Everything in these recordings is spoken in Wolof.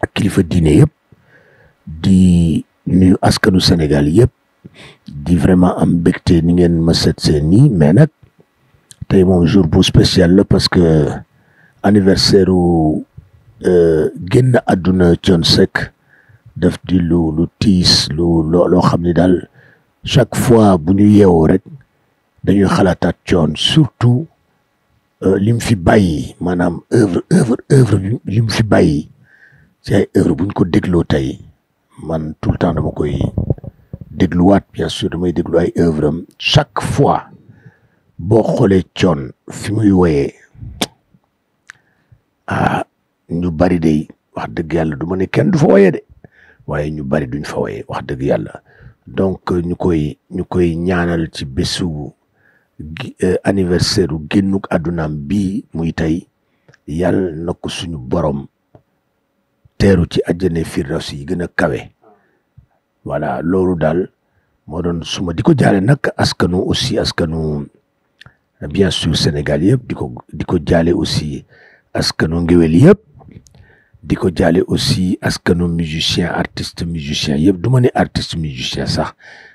ak kilifa diine yëpp di nuyu askanu Sénégal yëpp di vraiment am mbégte ni ngeen ma seet seen nii mais nag tey moom jour bu spécial la parce que anniversaire u euh, génn àdduna Thione Seck def di lu lu tiis lu loo xam ni daal chaque fois bu ñu yeewoo rek dañuy xalaataat Thione surtout euh, li fi bàyyi maanaam œuvre œuvre œuvre li fi bàyyi ci ay buñ ko dégloo tey man tout le temps dama koy dégluwaat bien sûr damay déglu ay œuvre am chaque fois boo xoolee coon fi muy woyee ah ñu bari day wax dëgg yàlla du ma ne kenn du fa woyee de waaye ñu bari duñ fa woyee wax dëgg yàlla donc ñu koy ñu koy ñaanal ci bésu euh, anniversaire u génnuk àddunaam bii muy tey yàlla na ko suñu borom teeru ci àjjana firdaws yi gën a kawe voilà loolu daal moo doon suma di ko jaale nag askanu aussi askanu bien sûr Sénégal yëpp di ko di ko jaale aussi askanu ngéwél yëpp di ko jaale aussi askanu musicien artiste musicien yëpp du ma ne artiste musicien sax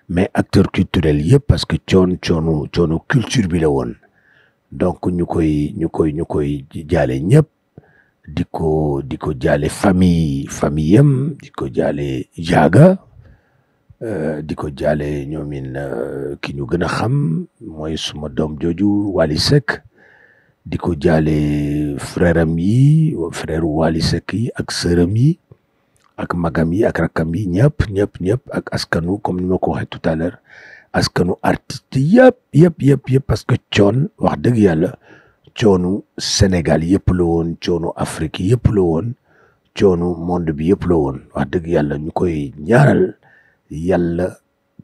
mais acteur culturel yëpp parce que coon coonu coonu culture bi la woon donc ñu koy ñu koy ñu koy jaale ñëpp di ko di ko jaale famille famille yem di ko jaale jaaga euh, di ko jaale ñoomin euh, ki ñu gën a xam mooy suma doom jooju Wali Seck di ko jaale frère am yi frère Wali Seck yi ak sëram yi ak magam yi ak rakkam yi ñëpp ñëpp ñëpp ak askanu comme ni ma ko waxee tout à askanu artiste yëpp yëpp yëpp yëpp parce que coon wax dëgg yàlla coonu Sénégal yëpp la woon coonu Afrique yëpp la woon coonu monde bi yëpp la woon wax dëgg yàlla ñu koy ñaaral yàlla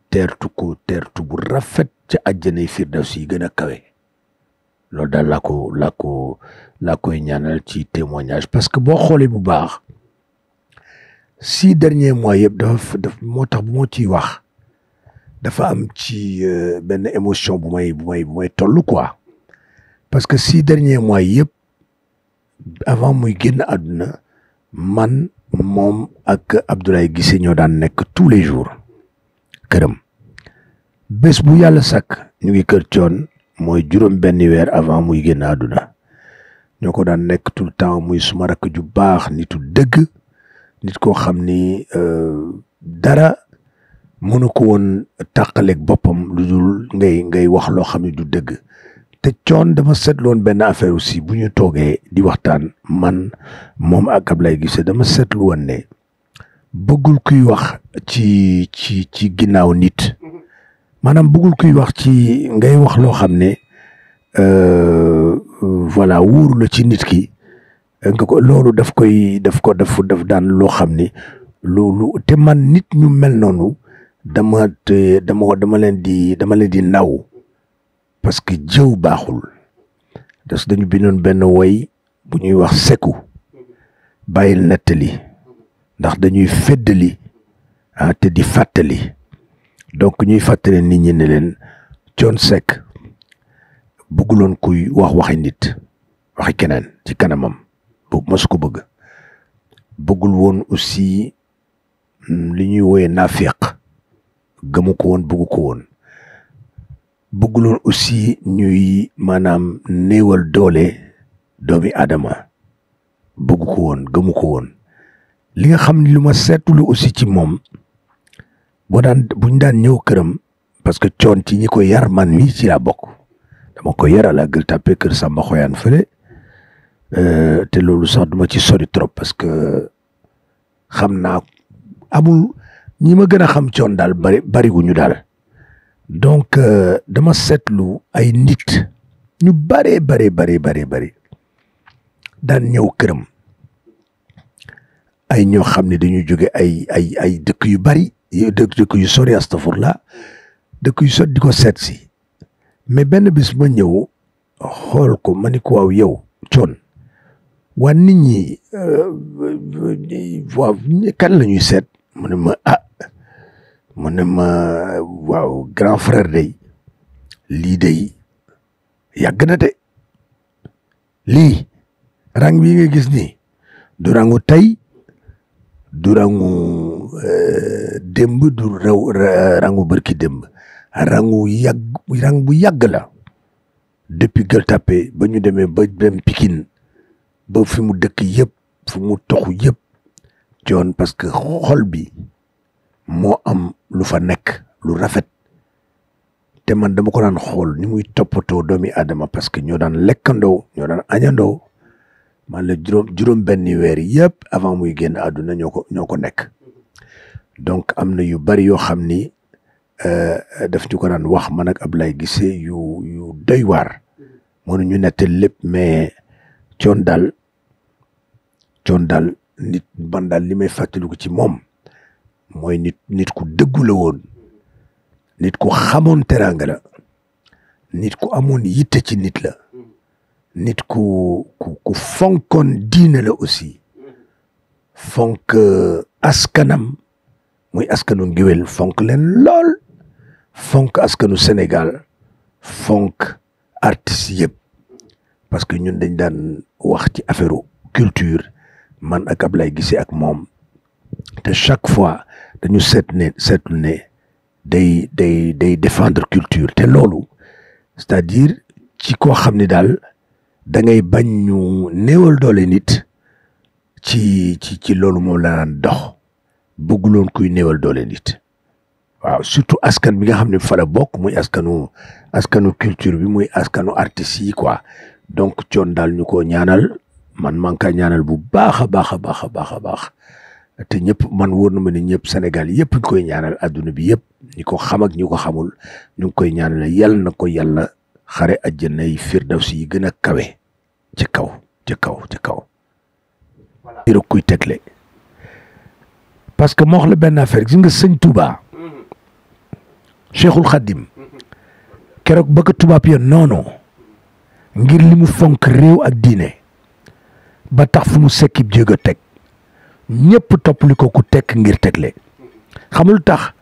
teertu ko teertu bu rafet ca àjjanay firdaws yi gën a kawe loolu daal laa ko laa koy ñaanal ci témoignage parce que boo xoolee bu baax si dernier mois yëpp dafa moo tax bu moo ciy wax dafa am ci euh, benn émotion bu may bu may parce que si dernier mois yëpp avant muy génn àdduna man moom ak Abdoulaye Guissé ñoo daan nekk tous les jours këram bés bu yàlla sàkk ñu ngi kër coon mooy juróom benn weer avant muy génn àdduna ñoo ko daan nekk tout le temps muy suma rakk ju baax nitu dëgg nit koo xam ni euh, dara mënu ko woon tàqaleeg boppam lu dul ngay ngay wax loo xam ne du dëgg te coon dama seetlu woon benn affaire aussi bu ñu toogee di waxtaan man moom ak ab lay Guissé dama seetlu woon ne bëggul kuy wax ci ci ci ginnaaw nit maanaam bëggul kuy wax ci ngay wax loo xam ne euh, voilà wóoru la ci nit ki nga ko loolu daf koy daf ko daf daf daan loo xam ni loolu te man nit ñu mel noonu dama te dama dama leen di dama leen di naw parce que jëw baaxul des dañu bindoon benn woy bu ñuy wax seku bàyyil nettali ndax dañuy feddali ah te di fàttali donc ñuy fàttali nit ñi ne leen Thione Seck bëgguloon kuy wax waxi nit waxi keneen ci kanamam bu mosu ko bëgg bëggul woon aussi mm, li ñuy wooyee naafiq gëmu ko woon bëggu ko woon bëgg loolu aussi ñuy maanaam néewal doole doomi aadama bëgg ko woon gëmu ko woon li nga xam lu ma seetulu aussi ci moom boo daan buñ daan ñëw këram parce que coon ci ñi ko yar man mi ci laa bokk dama ko yaral a gël tàppe kër Samba Xoyaan fële euh, te loolu sax duma ci sori trop parce que xam naa amul ñi ma gën a xam coon daal bari bari gu ñu daal donc euh, dama lu ay nit ñu bare bare bare bare bare ñëw këram ay ñoo xam ne dañuy jóge ay ay ay dëkk yu bari dëkk dëkk yu sori astafurla dëkk yu sori di ko seet si mais benn bis ma ñëw xool ko ma ni ko waaw yow coon waa nit ñi euh, waaw la ñuy seet mu ma ah mu ne ma waaw grand frère day lii day yàgg na de lii rang bii nga gis ni du rangu tey du rangu euh, démb du rangu bërki demb rangu yàgg rang bu yàgg la depuis Gueule ba ñu demee ba dem Pikine ba fi mu dëkk yëpp fu mu toxu yëpp coon parce xol bi moo am lu fa nekk lu rafet te man dama ko daan xool ni muy toppatoo doomi aadama parce que ñoo daan lekkandoo ñoo daan añandoo man la juróom benni weer yëpp avant muy génn àdduna ñoo ko ñoo ko nekk donc am na yu bari yoo xam ni euh, daf ñu ko daan wax man ab lay Guissé yu yu doy waar mënuñu nettali lépp mais coon daal coon daal nit man daal li may fàttaliku ci moom mooy nit nit ku dëggu la woon nit ku xamoon teraanga nit ku amoon yitte ci nit la nit ku ku ku fonkoon diine la aussi fonk euh, askanam muy askanu ngéwél fonk leen lool fonk askanu Sénégal fonk artistes yëpp parce que ñun dañ daan wax ci affaire culture man ak Ablaye Guissé ak moom te chaque fois dañu seet ne seetlu ne day day day défendre culture te loolu c'est-à-dire ci koo xam ni daal da ngay bañ ñu néewal doole nit ci ci ci loolu moom la naan dox bëgguloon kuy néewal doole nit waaw surtout askan bi nga xam ne fa bokk muy askanu askanu culture bi muy askanu artistes yi quoi donc coon daal ñu ko ñaanal man man ka ñaanal bu baax a baax a baax a baax a baax te ñëpp man wor na ma ñëpp senegal yëpp ñu koy ñaanal adduna bi yëpp ñi ko xam ak ñi ko xamul ñu ngi koy ñaanal yàlla na ko yàlla xare àjjana yi firdawsi yi gën a kawe ci kaw ci kaw ci kaw. kuy tegle parce que moo wax la benn affaire gis nga sëñ Touba. Mm-hmm. Cheikhul Khadim. Mm-hmm. keroog bëgg tubaab ya noonu. ngir li fonk réew ak diine. ba tax fu mu sekkib jéeg teg. ñëpp toppali ko ku tekk ngir tegle xamul tax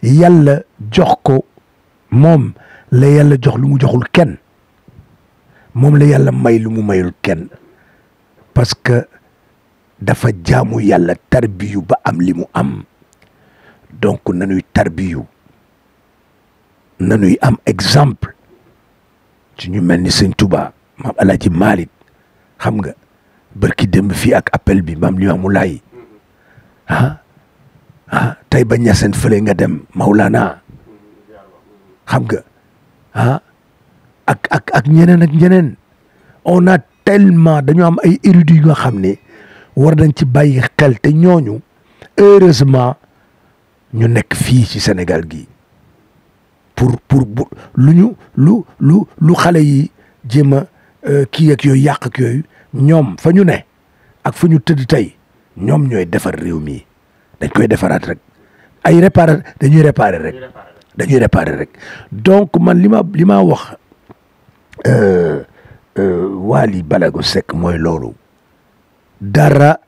yàlla jox ko moom la yàlla jox lu mu joxul kenn moom la yàlla may lu mu mayul kenn parce que dafa jaamu yàlla tarbiyu ba am li mu am donc nanuy tarbiyu nanuy am exemple ci ñu mel ni sëñ Tuba maam ci Maalik xam nga bërki démb fii ak appel bi maam Limaamu Laay ah ah tey ba ñaseen fële nga dem Maulana xam nga ah ak ak ak ñeneen ak ñeneen on a tellement dañoo am ay érudits yu nga xam ne war nañ ci bàyyi xel te ñooñu heureusement ñu nekk fii ci senegal gi pour pour bu lu ñu lu lu lu xale yi jéem a euh, kii ak yooyu yàq ak yooyu ñoom fa ñu ne ak fu ñu tëdd tey ñoom ñooy defar réew mii dañ koy defaraat rek ay réparer dañuy réparer rek réparer rek donc man li ma li ma wax euh, euh, Wally Ballago Seck mooy loolu dara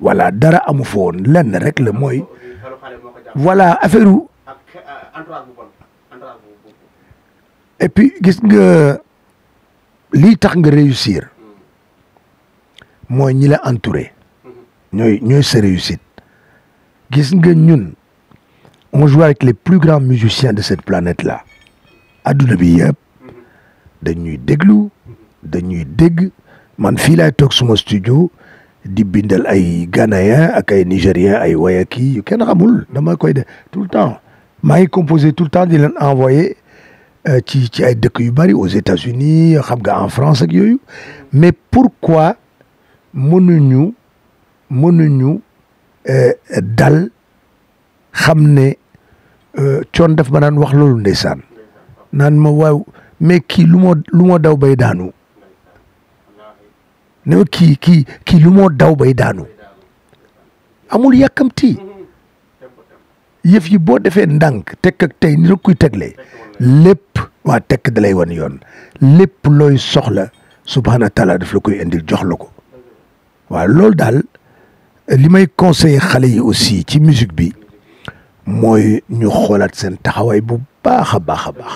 walla dara amu fa woon lenn rek la mooy voilà affaire u et gis nga lii tax nga réussir mooy ñi la entouré ñooy ñooy sa réussite gis nga ñun on joue avec les plus grands musiciens de cette planète là adduna bi yëpp dañuy déglu dañuy dégg man fii laay toog suma studio di bindal ay ghanéen ak ay nigérien ay wayaki yu kenn xamul dama koy de tout le temps maa ngi composé tout le temps di leen envoyé euh, ci ci ay dëkk yu bari aux États-Unis xam nga en France ak yooyu mais pourquoi mën mënuñu mënuñu eh, dal xam ne eh, coon daf ma naan wax loolu ndeysaan naan ma waaw mais kii lu moo lu moo daw bay daanu ne kii kii kii lu moo daw bay daanu amul yàkkamti yëf yi boo defee ndànk tekk ak tey ni la kuy tegle lépp waa tekk da lay wan yoon lépp looy soxla subhaana taala daf la koy indil jox la ko waaw loolu daal li may conseiller xale yi aussi ci musique bi mooy ñu xoolaat seen taxawaay bu baax a baax a baax